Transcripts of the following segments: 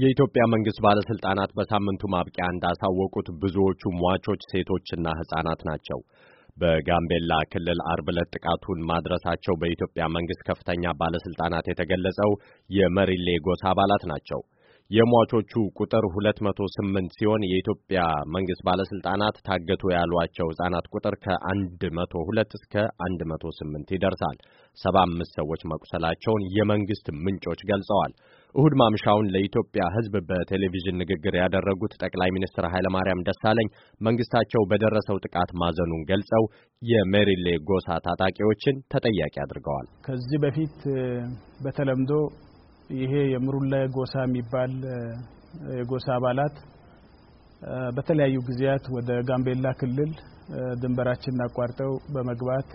የኢትዮጵያ መንግስት ባለስልጣናት በሳምንቱ ማብቂያ እንዳሳወቁት ብዙዎቹ ሟቾች ሴቶችና ህጻናት ናቸው። በጋምቤላ ክልል አርብ ዕለት ጥቃቱን ማድረሳቸው በኢትዮጵያ መንግስት ከፍተኛ ባለስልጣናት የተገለጸው የመሪሌ ጎሳ አባላት ናቸው። የሟቾቹ ቁጥር 208 ሲሆን የኢትዮጵያ መንግስት ባለስልጣናት ታገቱ ያሏቸው ህጻናት ቁጥር ከ102 እስከ 108 ይደርሳል። 75 ሰዎች መቁሰላቸውን የመንግስት ምንጮች ገልጸዋል። እሁድ ማምሻውን ለኢትዮጵያ ህዝብ በቴሌቪዥን ንግግር ያደረጉት ጠቅላይ ሚኒስትር ኃይለማርያም ደሳለኝ መንግስታቸው በደረሰው ጥቃት ማዘኑን ገልጸው የሜሪሌ ጎሳ ታጣቂዎችን ተጠያቂ አድርገዋል። ከዚህ በፊት በተለምዶ ይሄ የምሩላ የጎሳ የሚባል የጎሳ አባላት በተለያዩ ጊዜያት ወደ ጋምቤላ ክልል ድንበራችንን አቋርጠው በመግባት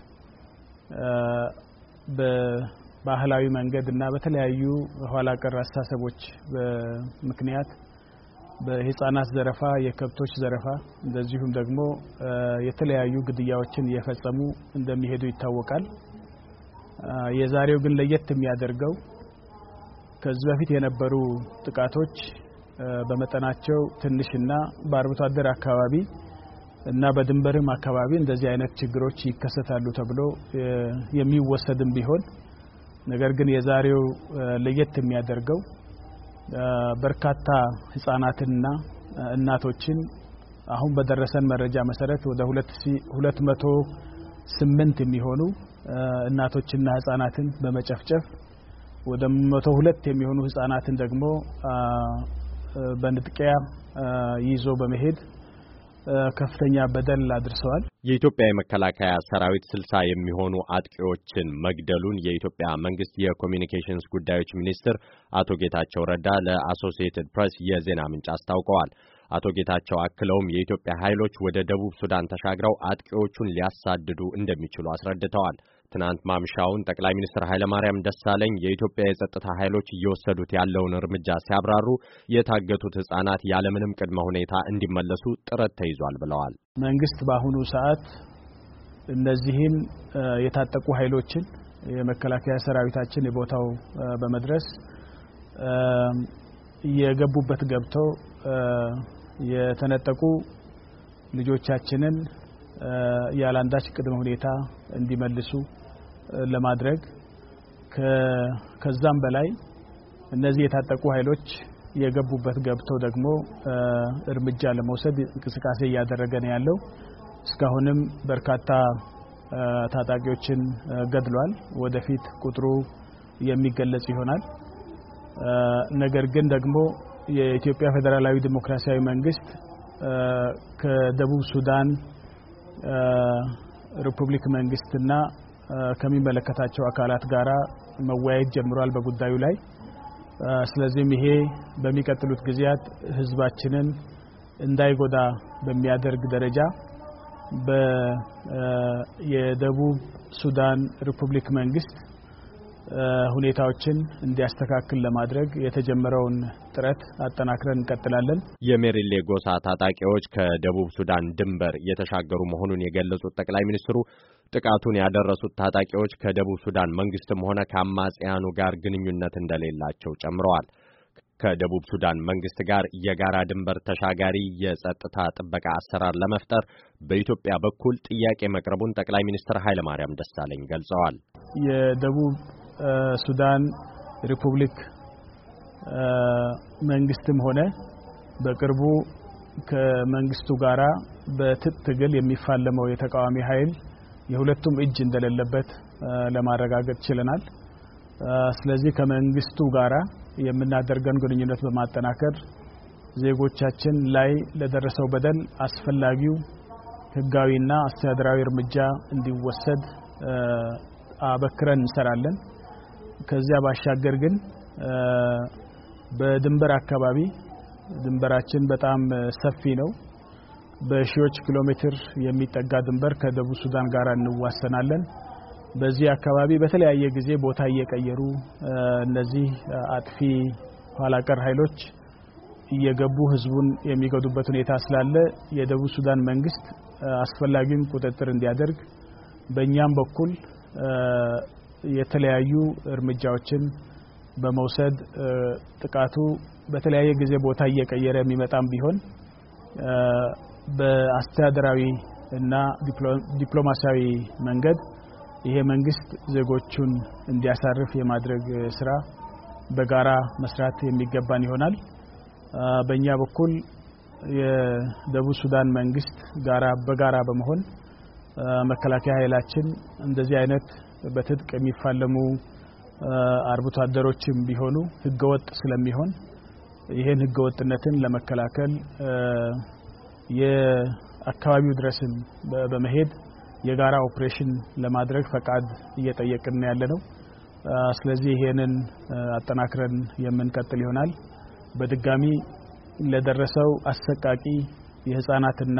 በባህላዊ መንገድ እና በተለያዩ ኋላ ቀር አስተሳሰቦች ምክንያት በህፃናት ዘረፋ፣ የከብቶች ዘረፋ እንደዚሁም ደግሞ የተለያዩ ግድያዎችን እየፈጸሙ እንደሚሄዱ ይታወቃል። የዛሬው ግን ለየት የሚያደርገው ከዚህ በፊት የነበሩ ጥቃቶች በመጠናቸው ትንሽና በአርብቶ አደር አካባቢ እና በድንበርም አካባቢ እንደዚህ አይነት ችግሮች ይከሰታሉ ተብሎ የሚወሰድም ቢሆን ነገር ግን የዛሬው ለየት የሚያደርገው በርካታ ህጻናትንና እናቶችን አሁን በደረሰን መረጃ መሰረት ወደ 2208 የሚሆኑ እናቶችና ህጻናትን በመጨፍጨፍ ወደ መቶ ሁለት የሚሆኑ ህጻናትን ደግሞ በንጥቂያ ይዞ በመሄድ ከፍተኛ በደል አድርሰዋል። የኢትዮጵያ የመከላከያ ሰራዊት ስልሳ የሚሆኑ አጥቂዎችን መግደሉን የኢትዮጵያ መንግስት የኮሚኒኬሽንስ ጉዳዮች ሚኒስትር አቶ ጌታቸው ረዳ ለአሶሲየትድ ፕሬስ የዜና ምንጭ አስታውቀዋል። አቶ ጌታቸው አክለውም የኢትዮጵያ ኃይሎች ወደ ደቡብ ሱዳን ተሻግረው አጥቂዎቹን ሊያሳድዱ እንደሚችሉ አስረድተዋል። ትናንት ማምሻውን ጠቅላይ ሚኒስትር ኃይለማርያም ደሳለኝ የኢትዮጵያ የጸጥታ ኃይሎች እየወሰዱት ያለውን እርምጃ ሲያብራሩ የታገቱት ህጻናት ያለምንም ቅድመ ሁኔታ እንዲመለሱ ጥረት ተይዟል ብለዋል። መንግስት በአሁኑ ሰዓት እነዚህን የታጠቁ ኃይሎችን የመከላከያ ሰራዊታችን የቦታው በመድረስ የገቡበት ገብተው የተነጠቁ ልጆቻችንን ያላንዳች ቅድመ ሁኔታ እንዲመልሱ ለማድረግ ከዛም በላይ እነዚህ የታጠቁ ኃይሎች የገቡበት ገብተው ደግሞ እርምጃ ለመውሰድ እንቅስቃሴ እያደረገ ነው ያለው። እስካሁንም በርካታ ታጣቂዎችን ገድሏል። ወደፊት ቁጥሩ የሚገለጽ ይሆናል። ነገር ግን ደግሞ የኢትዮጵያ ፌዴራላዊ ዲሞክራሲያዊ መንግስት ከደቡብ ሱዳን ሪፑብሊክ መንግስትና ከሚመለከታቸው አካላት ጋራ መወያየት ጀምሯል በጉዳዩ ላይ። ስለዚህም ይሄ በሚቀጥሉት ጊዜያት ህዝባችንን እንዳይጎዳ በሚያደርግ ደረጃ የደቡብ ሱዳን ሪፑብሊክ መንግስት ሁኔታዎችን እንዲያስተካክል ለማድረግ የተጀመረውን ጥረት አጠናክረን እንቀጥላለን። የሜሪሌ ጎሳ ታጣቂዎች ከደቡብ ሱዳን ድንበር እየተሻገሩ መሆኑን የገለጹት ጠቅላይ ሚኒስትሩ ጥቃቱን ያደረሱት ታጣቂዎች ከደቡብ ሱዳን መንግስትም ሆነ ከአማጽያኑ ጋር ግንኙነት እንደሌላቸው ጨምረዋል። ከደቡብ ሱዳን መንግስት ጋር የጋራ ድንበር ተሻጋሪ የጸጥታ ጥበቃ አሰራር ለመፍጠር በኢትዮጵያ በኩል ጥያቄ መቅረቡን ጠቅላይ ሚኒስትር ኃይለማርያም ደሳለኝ ገልጸዋል። የደቡብ ሱዳን ሪፑብሊክ መንግስትም ሆነ በቅርቡ ከመንግስቱ ጋራ በትጥ ትግል የሚፋለመው የተቃዋሚ ኃይል የሁለቱም እጅ እንደሌለበት ለማረጋገጥ ችለናል። ስለዚህ ከመንግስቱ ጋራ የምናደርገን ግንኙነት በማጠናከር ዜጎቻችን ላይ ለደረሰው በደል አስፈላጊው ህጋዊና አስተዳደራዊ እርምጃ እንዲወሰድ አበክረን እንሰራለን። ከዚያ ባሻገር ግን በድንበር አካባቢ ድንበራችን በጣም ሰፊ ነው። በሺዎች ኪሎ ሜትር የሚጠጋ ድንበር ከደቡብ ሱዳን ጋር እንዋሰናለን። በዚህ አካባቢ በተለያየ ጊዜ ቦታ እየቀየሩ እነዚህ አጥፊ ኋላቀር ኃይሎች እየገቡ ህዝቡን የሚገዱበት ሁኔታ ስላለ የደቡብ ሱዳን መንግስት አስፈላጊውን ቁጥጥር እንዲያደርግ በእኛም በኩል የተለያዩ እርምጃዎችን በመውሰድ ጥቃቱ በተለያየ ጊዜ ቦታ እየቀየረ የሚመጣም ቢሆን በአስተዳደራዊ እና ዲፕሎማሲያዊ መንገድ ይሄ መንግስት ዜጎቹን እንዲያሳርፍ የማድረግ ስራ በጋራ መስራት የሚገባን ይሆናል። በእኛ በኩል የደቡብ ሱዳን መንግስት ጋራ በጋራ በመሆን መከላከያ ኃይላችን እንደዚህ አይነት በትጥቅ የሚፋለሙ አርብቶ አደሮችም ቢሆኑ ህገወጥ ስለሚሆን ይህን ህገወጥነትን ለመከላከል የአካባቢው ድረስም በመሄድ የጋራ ኦፕሬሽን ለማድረግ ፈቃድ እየጠየቅን ያለ ነው። ስለዚህ ይሄንን አጠናክረን የምንቀጥል ይሆናል። በድጋሚ ለደረሰው አሰቃቂ የህፃናትና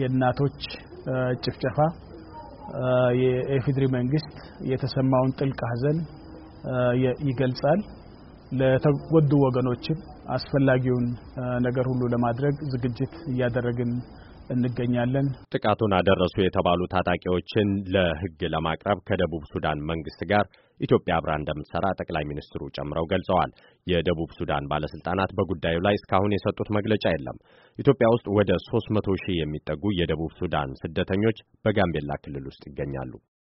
የእናቶች ጭፍጨፋ የኢፌዴሪ መንግስት የተሰማውን ጥልቅ ሐዘን ይገልጻል። ለተጎዱ ወገኖችም አስፈላጊውን ነገር ሁሉ ለማድረግ ዝግጅት እያደረግን እንገኛለን። ጥቃቱን አደረሱ የተባሉ ታጣቂዎችን ለሕግ ለማቅረብ ከደቡብ ሱዳን መንግስት ጋር ኢትዮጵያ አብራ እንደምትሰራ ጠቅላይ ሚኒስትሩ ጨምረው ገልጸዋል። የደቡብ ሱዳን ባለስልጣናት በጉዳዩ ላይ እስካሁን የሰጡት መግለጫ የለም። ኢትዮጵያ ውስጥ ወደ ሶስት መቶ ሺህ የሚጠጉ የደቡብ ሱዳን ስደተኞች በጋምቤላ ክልል ውስጥ ይገኛሉ።